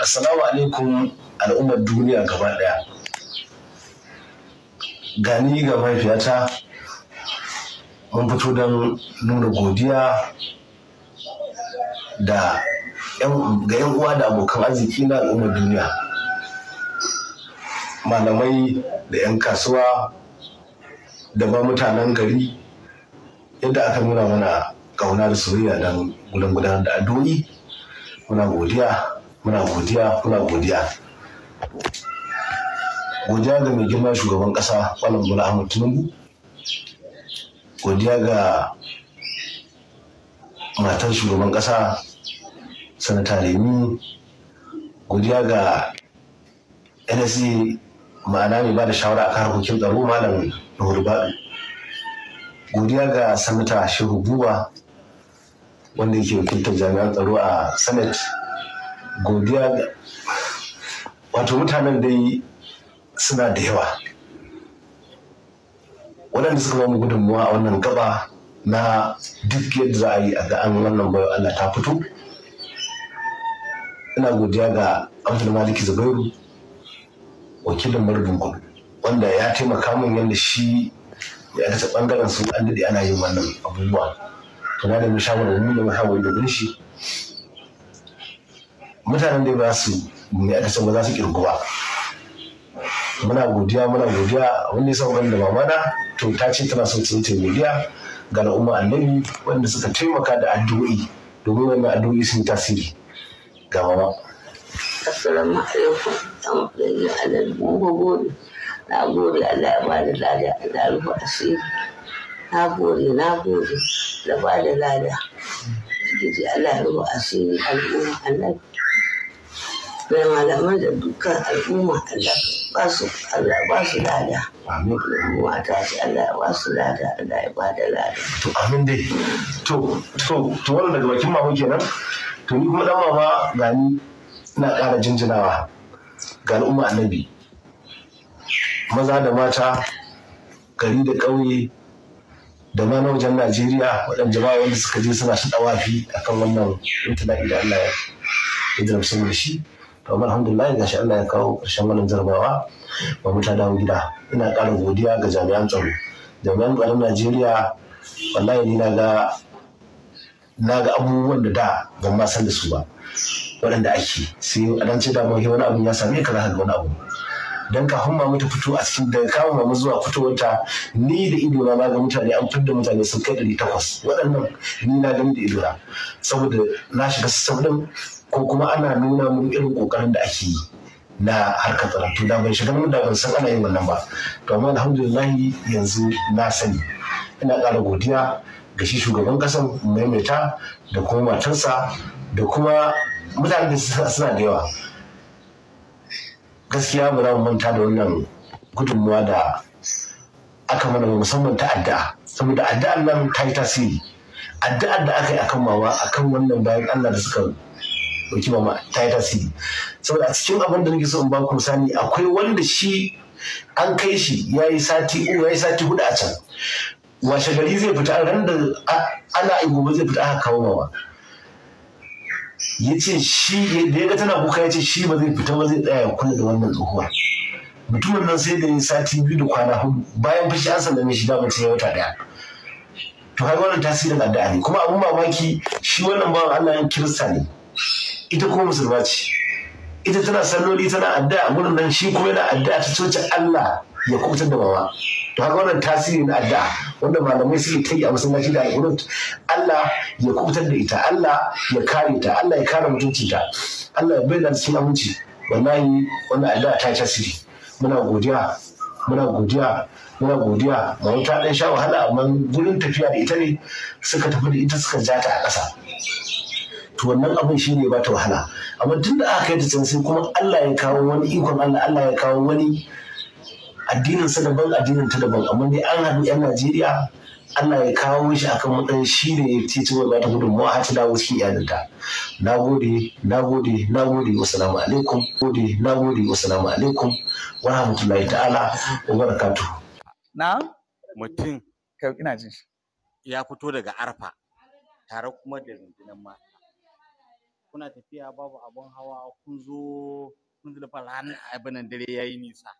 assalamu alaikum al'ummar duniya gaba ɗaya. gani ga mahaifiyata mun fito don nuna godiya da ga yan uwa da abokan arziki na al'ummar duniya malamai da 'yan kasuwa da ba mutanen gari yadda aka nuna mana kauna da soyayya don gudan gudanar da addu'o'i muna godiya muna godiya muna godiya godiya ga mai girma shugaban ƙasa malam bula ahmad tinubu godiya ga matar shugaban ƙasa sanata remi godiya ga NSC ma'ana mai ba da shawara a harkokin tsaro malam nuhur baɗu godiya ga sanata shehu buba wanda yake wakiltar jami'an tsaro a senate godiya ga wato mutanen dai suna da yawa waɗanda suka ba mu gudunmuwa a wannan gaba na duk yadda za a yi a ga an wannan bayo Allah ta fito ina godiya ga amfani maliki zubairu wakilin marubin kudu wanda ya taimaka min yadda shi ya ta bangaren su an daɗe ana yin wannan abubuwa to na da mashawarar mu da mashawarar da shi mutanen da ba su mai aka ba za su kirgu ba muna godiya muna godiya wani nisan san da mamana to ta ce tana son sun ta godiya ga al'umma annabi wanda suka taimaka da addu'o'i domin wannan addu'o'i sun tasiri ga mama assalamu alaikum an fara alal gungo na gori Allah ya bada lada da rufe asiri na gori na gode da ba da lada Gidi Allah ya rufe asiri al'umma annabi da malaman da dukkan al'umma Allah ba su Allah ba su lada. Amin. ta ce Allah ba su lada Allah ya ba da lada. To amin dai. To to to wannan daga bakin mama kenan. To ni kuma dan mama ga ni ina ƙara jinjinawa ga al'umma annabi. Maza da mata gari da ƙauye da ma na wajen Najeriya waɗanda jama'a wanda suka je suna shi ɗawafi akan wannan intanet da Allah ya idramsa da shi. to amma alhamdulillah gashi Allah ya kawo ƙarshen wannan jarabawa ba mu ta dawo gida ina ƙara godiya ga jami'an tsaro jami'an tsaron Najeriya wallahi ni na ga abubuwan da da ban ma san da su ba waɗanda ake sai a dan ce da mu wani abin ya same ka zaka ga wani abu dan kafin mamu ta fito a cikin daga kama mamu zuwa fitowarta ni da ido na ga mutane an da mutane sun kai ɗari takwas waɗannan ni na gani da ido na saboda na shiga sassan ko kuma ana nuna mun irin kokarin da ake yi na harkar tsaron da ban shiga mun da ban san ana yin wannan ba to amma alhamdulillah yanzu na sani ina ƙara godiya ga shi shugaban ƙasar maimaita da kuma matarsa da kuma mutane da suna da yawa gaskiya ba za mu manta da wannan gudunmuwa da aka mana musamman ta addu'a saboda addu'ar nan ta yi tasiri addu'ar da aka yi akan mawa akan wannan bayan Allah da suka ɗauki mama ta yi tasiri saboda a cikin abin da nake so in ba ku sani akwai wanda shi an kai shi ya yi sati uku ya yi sati hudu a can washe gari zai fita ran da ana yi gobe zai fita aka kawo mawa ya ce shi da ya ga tana kuka ya ce shi ba zai fita ba zai tsaya kula da wannan tsohuwa mutumin nan sai da ya sati biyu da kwana hudu bayan fashi an sallame shi damar ya wata daya to har wannan tasirin addu'a ne kuma abun mamaki shi wannan bawan Allah kirista ne ita kuma musulma ce ita tana salloli tana addu'a gudun nan shi kuma yana addu'a ta coci Allah ya kubutar da bawa to har wannan tasiri na addu'a wanda malamai suke ta yi a masallaci da alƙurut Allah ya kubutar da ita Allah ya kare ta Allah ya kare mutuncinta ta Allah ya bayyana cikin aminci wallahi wannan addu'a ta tasiri muna godiya muna godiya muna godiya ga wata dan sha wahala amma gurin tafiya da ita ne suka tafi da ita suka jata a ƙasa to wannan abin shi ne ba ta wahala amma tun da aka kai ta can sai kuma Allah ya kawo wani ikon Allah Allah ya kawo wani addinin sa daban addinin ta daban amma dai an haɗu yan Najeriya Allah ya kawo shi akan matsayin shi ne ya ce cewa ba ta gudunmawa har ta dawo cikin iyalinta na gode na gode na gode alaikum gode na gode wasalamu alaikum wa rahmatullahi ta'ala wa barakatuh na mutum ina jin shi ya fito daga arfa tare kuma da rundunar mata kuna tafiya babu abin hawa kun zo kun a ranar abin dare ya yi nisa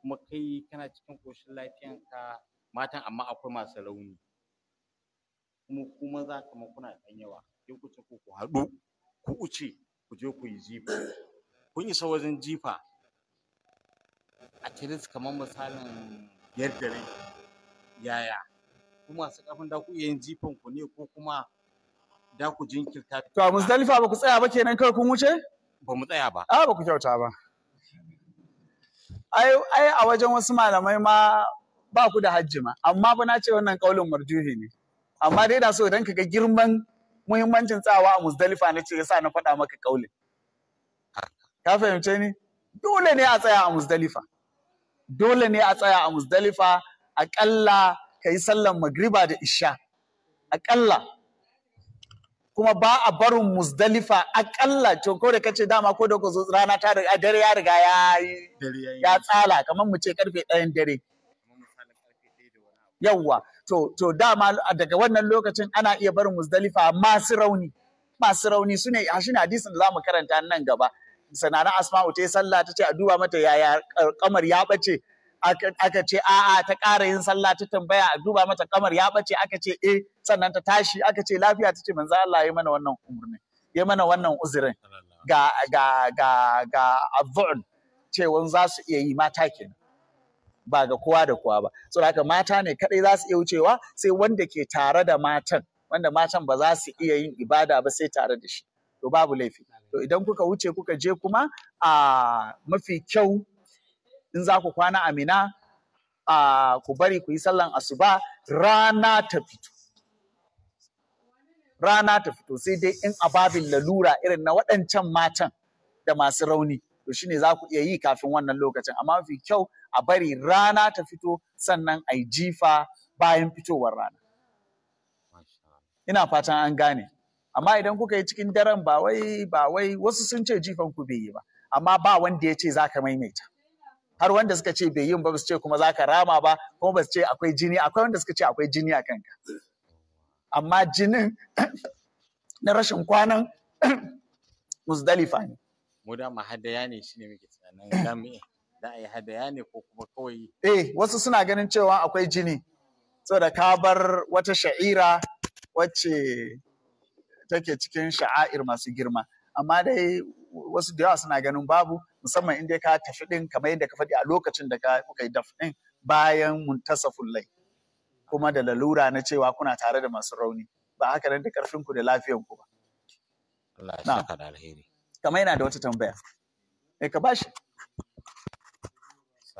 kuma kai kana cikin ƙoshin ka. matan amma akwai masu rauni kuma kuma za ka kuna ɗan yawa ke ku ce ku haɗu ku uce ku je ku yi jifa kun isa wajen jifa a tiris kamar misalin yadda yaya ku masu kafin da ku iya yin jifan ku ne ko kuma da ku jinkirta to a Muzdalifa ba ku tsaya ba kenan kar kun wuce ba mu tsaya ba a ah, ba ku kyauta ba ai ai a wajen wasu malamai ma ba ku da hajji ma amma ba na ce wannan kaulin marjuhi ne amma dai da so idan ka ga girman muhimmancin tsawa a Muzdalifa na ce yasa na faɗa maka kaulin ka fahimce ni dole ne a tsaya a Muzdalifa dole ne a tsaya a Muzdalifa aƙalla ka yi sallan magriba da isha aƙalla kuma ba a barin musdalifa akalla to ko da kace dama ko da ku zo rana ta a dare ya riga ya ya tsala kamar mu ce karfe 1 dare yawwa to to dama daga wannan lokacin ana iya barin musdalifa masu rauni masu rauni sune shi hadisin da za mu karanta nan gaba sanana asma'u ta yi sallah ta ce a duba mata yaya kamar ya bace aka ce a'a ta ƙara yin sallah ta tambaya a duba mata kamar ya bace aka ce eh sannan ta tashi aka ce lafiya ta ce manzo Allah ya mana wannan umurni ya mana wannan uzurin ga ga ga ga ce wan za su iya yi mata kenan ba ga kowa da kowa ba so haka mata ne kadai za su iya wucewa sai wanda ke tare da matan wanda matan ba za su iya yin ibada ba sai tare da shi to babu laifi to idan kuka wuce kuka je kuma a mafi kyau in za ku kwana a mina a ku bari ku yi sallan asuba rana ta fito rana ta fito sai dai in a ababin lalura irin na waɗancan matan da masu rauni to shine za ku iya yi kafin wannan lokacin amma mafi kyau a bari rana ta fito sannan a yi jifa bayan fitowar rana ina fatan an gane amma idan kuka yi cikin daren ba wai ba wai wasu sun ce jifan ku bai yi ba amma ba wanda ya ce za ka maimaita har wanda suka ce bai yin ba su ce kuma za ka rama ba kuma ba su ce akwai jini akwai wanda suka ce akwai jini a kanka amma jinin na rashin kwanan musdalifa ne mu da ma hadaya ne shine muke tunanin za da ai hadaya ne ko kuma kawai eh wasu suna ganin cewa akwai jini saboda ka bar wata sha'ira wacce take cikin sha'air masu girma amma dai wasu da yawa suna ganin babu musamman in dai ka tafi din kamar yadda ka faɗi a lokacin da ka kuka yi daf din bayan muntasaful lai kuma da lalura na cewa kuna tare da masu rauni ba haka nan da karfin ku da lafiyan ku ba Allah ya saka da alheri kamar yana da wata tambaya eh ka bashi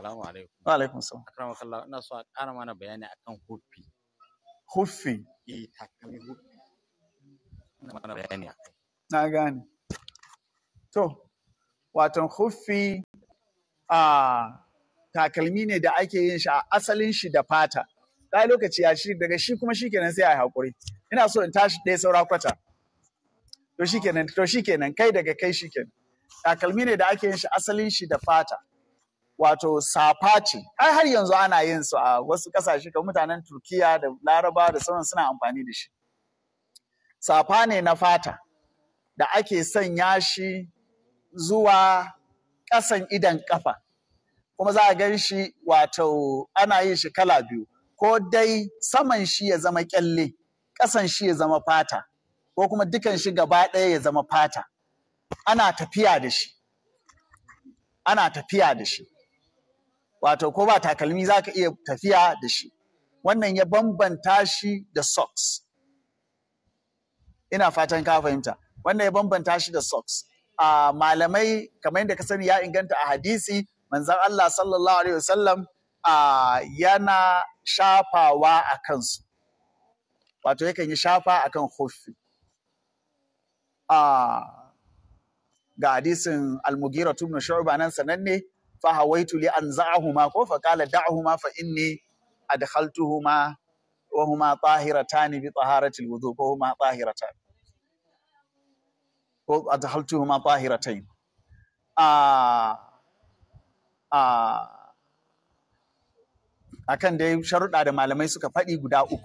Assalamu alaikum. Wa alaikum salam. Akrama kallah ina so a ƙara mana bayani akan hufi hufi Eh ta huffi. Na gane. To, watan huffi a takalmi ne da ake yin shi a asalin shi da fata ɗaya lokaci ya shi daga shi kuma shikenan sai a yi haƙuri ina so in tashi ɗaya saura kwata to shikenan to kenan kai daga kai kenan takalmi ne da ake yin shi asalin shi da fata wato safa ce ai har yanzu ana yin su a wasu ƙasashe kamar mutanen Turkiya da Laraba da sauran suna amfani da shi safa ne na fata da ake sanya shi zuwa ƙasan idan ƙafa. Kuma za a gan shi wato ana yin shi kala biyu, ko dai saman shi ya zama ƙyalle, ƙasan shi ya zama fata, ko kuma dukan shi gaba ɗaya ya zama fata. Ana tafiya da shi. Ana tafiya da shi. Wato ko ba takalmi za ka iya tafiya da shi. Wannan ya bambanta shi da socks. Ina fatan ka fahimta. Wannan ya bambanta shi da socks. malamai kamar yadda ka sani ya inganta a hadisi manzan Allah sallallahu alaihi wasallam yana shafawa a kansu wato yakan yi shafa a akan huffi ga hadisin almugira tun shu'ba nan sananne fa hawaitu li anza'ahuma ko fa qala da'huma fa inni adkhaltuhuma wa huma tahiratani bi taharatil wudu ko huma tahiratan ko a adhaltuhuma tahiratain a a akan dai sharuɗa da malamai suka faɗi guda uku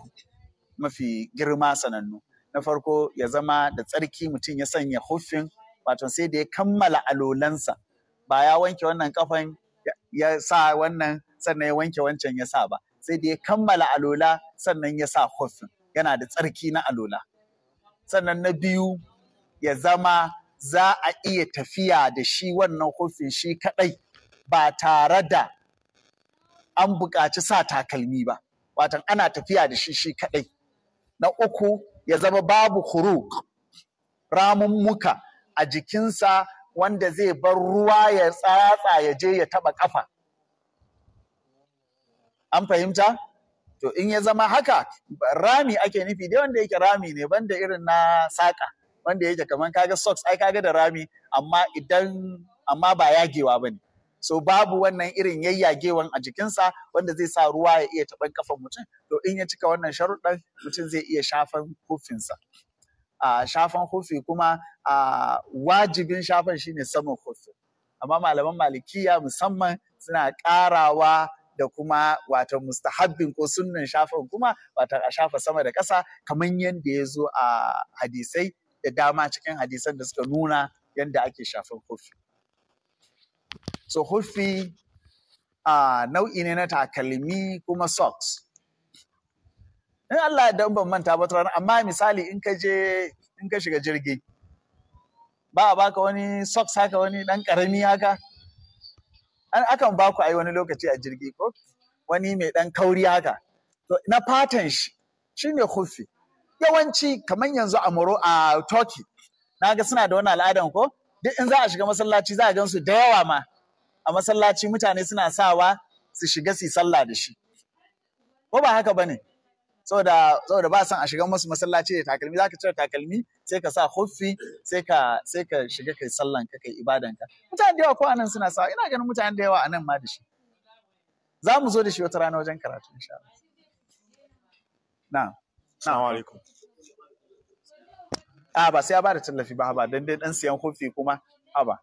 mafi girma sanannu na farko ya zama da tsarki mutum ya sanya huffin wato sai da ya kammala alolansa ba ya wanke wannan kafan ya sa wannan sannan ya wanke wancan ya sa ba sai da ya kammala alola sannan ya sa huffin yana da tsarki na alola sannan na biyu ya zama za a iya tafiya da shi wannan hufin shi kaɗai ba tare da an buƙaci sa takalmi ba watan ana tafiya da shi shi kaɗai na uku ya zama babu huruk ramummuka a jikinsa wanda zai bar ruwa ya tsatsa ya je ya taɓa ƙafa an fahimta to in ya zama haka rami ake nufi dai wanda yake rami ne banda irin na saƙa wanda yake kaman kaga socks ai kaga da rami amma idan amma ba yagewa bane so babu wannan irin yayyagewan a jikinsa wanda zai sa ruwa ya iya taɓan kafan mutum to in ya cika wannan sharuɗan mutum zai iya shafan hufinsa a shafan kofi kuma a wajibin shafan shine saman kofi. amma malaman malikiya musamman suna ƙarawa da kuma wato mustahabbin ko sunnan shafan kuma wato a shafa sama da ƙasa kamar yadda ya zo a hadisai da dama cikin hadisan da suka nuna yadda ake shafar hufi. So hufi uh, nau'i ne na takalmi kuma socks. In Allah da ban manta ba ranar amma misali in ka je in ka shiga jirgi ba a baka wani socks haka wani dan karami haka an akan baku ai wani lokaci a jirgi ko wani mai dan kauri haka to na fatan shi shine hufi yawanci kamar yanzu a Moro a Turkey na ga suna da wani al'adan ko duk in za a shiga masallaci za a gan su da yawa ma a masallaci mutane suna sawa su shiga su sallah da shi ko ba haka bane saboda saboda ba san a shiga musu masallaci da takalmi zaka cire takalmi sai ka sa huffi sai ka sai ka shiga kai sallan ka kai ibadan ka mutane da yawa ko anan suna sawa ina ganin mutane da yawa anan ma da shi za mu zo da shi wata rana wajen karatu insha Allah na'am Assalamu alaikum. A ah, ba sai ba da tallafi ba ba dan dai dan siyan kofi kuma a ba.